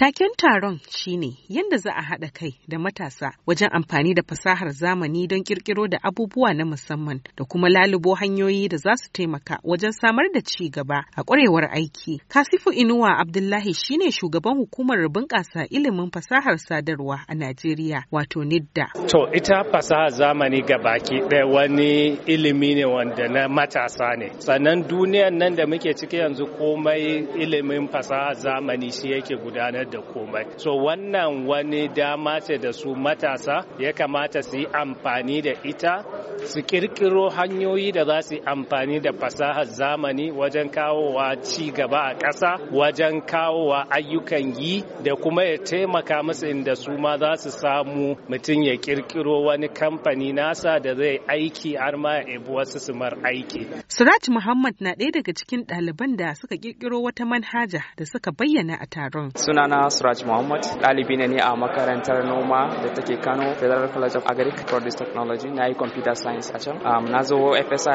Taken taron shine yadda za a haɗa kai da matasa wajen amfani da fasahar zamani don ƙirƙiro da abubuwa na musamman da kuma lalubo hanyoyi da za su taimaka wajen samar da ci gaba a ƙwarewar aiki. Kasifu Inuwa Abdullahi shine shugaban hukumar bunƙasa ilimin fasahar sadarwa a Najeriya wato NIDDA. To ita fasahar zamani ga baki ɗaya wani ilimi ne wanda na matasa ne. Sannan duniyar nan da muke ciki yanzu komai ilimin fasahar zamani shi yake gudanar da komai so wannan wani dama ce da su matasa ya kamata su yi amfani da ita su kirkiro hanyoyi da za su amfani da fasahar zamani wajen kawowa ci gaba a ƙasa wajen kawowa ayyukan yi da kuma ya taimaka musu inda su ma za su samu mutum ya kirkiro wani kamfani nasa da zai aiki har ma ya ebi wasu su aiki. Suraj Muhammad na ɗaya daga cikin ɗaliban da suka kirkiro wata manhaja da suka bayyana a taron. Sunana Suraj Muhammad ɗalibi ne a makarantar noma da take Kano Federal College of Agriculture Technology na yi computer science science a can um, na zo fsi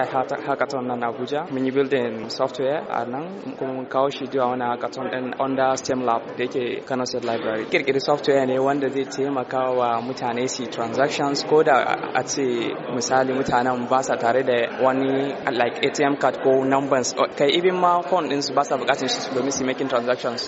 hackathon nan abuja mun yi building software a nan kuma mun kawo shi zuwa wani hackathon din under stem lab da yake kano state library kirkiri software ne wanda zai taimaka wa mutane su transactions ko da a ce misali mutanen ba sa tare da wani like atm card ko numbers kai even ma phone din su ba sa bukatun shi domin su making transactions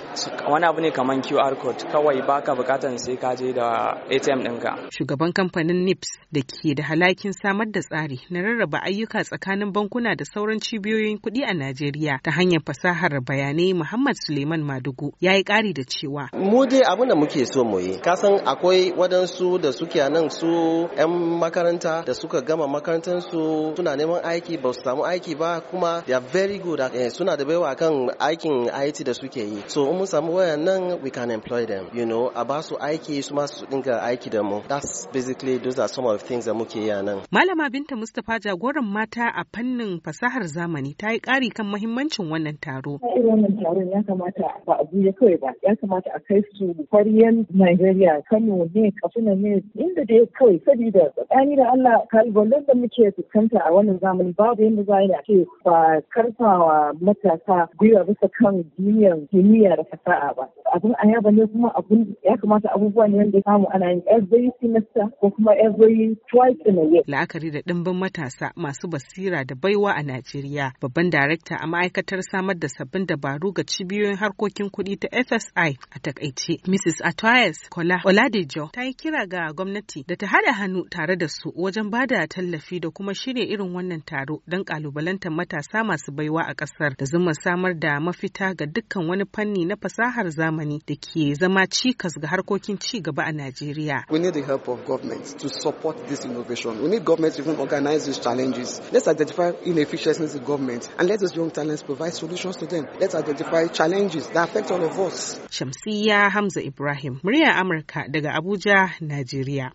wani abu ne kamar qr code kawai ba ka bukatan sai ka je da atm ɗinka shugaban kamfanin nips da ke da halakin samar samar da tsari na rarraba ayyuka tsakanin bankuna da sauran cibiyoyin kuɗi a Najeriya ta hanyar fasahar bayanai Muhammad Suleiman Madugu ya yi ƙari da cewa. Mu dai abin da muke so mu yi, kasan akwai waɗansu da suke nan su 'yan makaranta da suka gama makarantarsu, suna neman aiki ba su samu aiki ba kuma they are very good eh, suna da baiwa kan aikin IT da suke yi. So in mun samu nan, we can employ them, you know, a ba su aiki su ma su dinga aiki da mu. That's basically those are some of the things da muke yi a nan. Malam Malama Binta Mustapha jagoran mata a fannin fasahar zamani ta yi ƙari kan mahimmancin wannan taro. Irin wannan taron ya kamata ba Abuja kawai ba, ya kamata a kai su kwaryen Najeriya, Kano ne, kafuna ne, inda dai kawai saboda tsakani da Allah kalbalin da muke fuskanta a wannan zamani babu yadda za a ce ba karfawa matasa gwiwa bisa kan duniyar kimiyya da fasaha ba. Abin ayaba ne kuma abin ya kamata abubuwa ne wanda ya samu ana yin every semester ko kuma every twice in a year. La'akari la'akari da ɗimbin matasa masu basira da baiwa a Najeriya. Babban darakta a ma'aikatar samar da sabbin dabaru ga cibiyoyin harkokin kuɗi ta FSI a takaice. Mrs. Atoyes Kola Oladejo ta yi kira ga gwamnati da ta haɗa hannu tare da su wajen ba da tallafi da kuma shirya irin wannan taro don ƙalubalantar matasa masu baiwa a ƙasar da zuma samar da mafita ga dukkan wani fanni na fasahar zamani da ke zama cikas ga harkokin ci gaba a Najeriya. We need the help of government to support this innovation. We need government to even organize these challenges. Let's identify inefficiencies in government and let those young talents provide solutions to them. Let's identify challenges that affect all of us. Shamsiya Hamza Ibrahim, murya Amurka daga Abuja, Najeriya.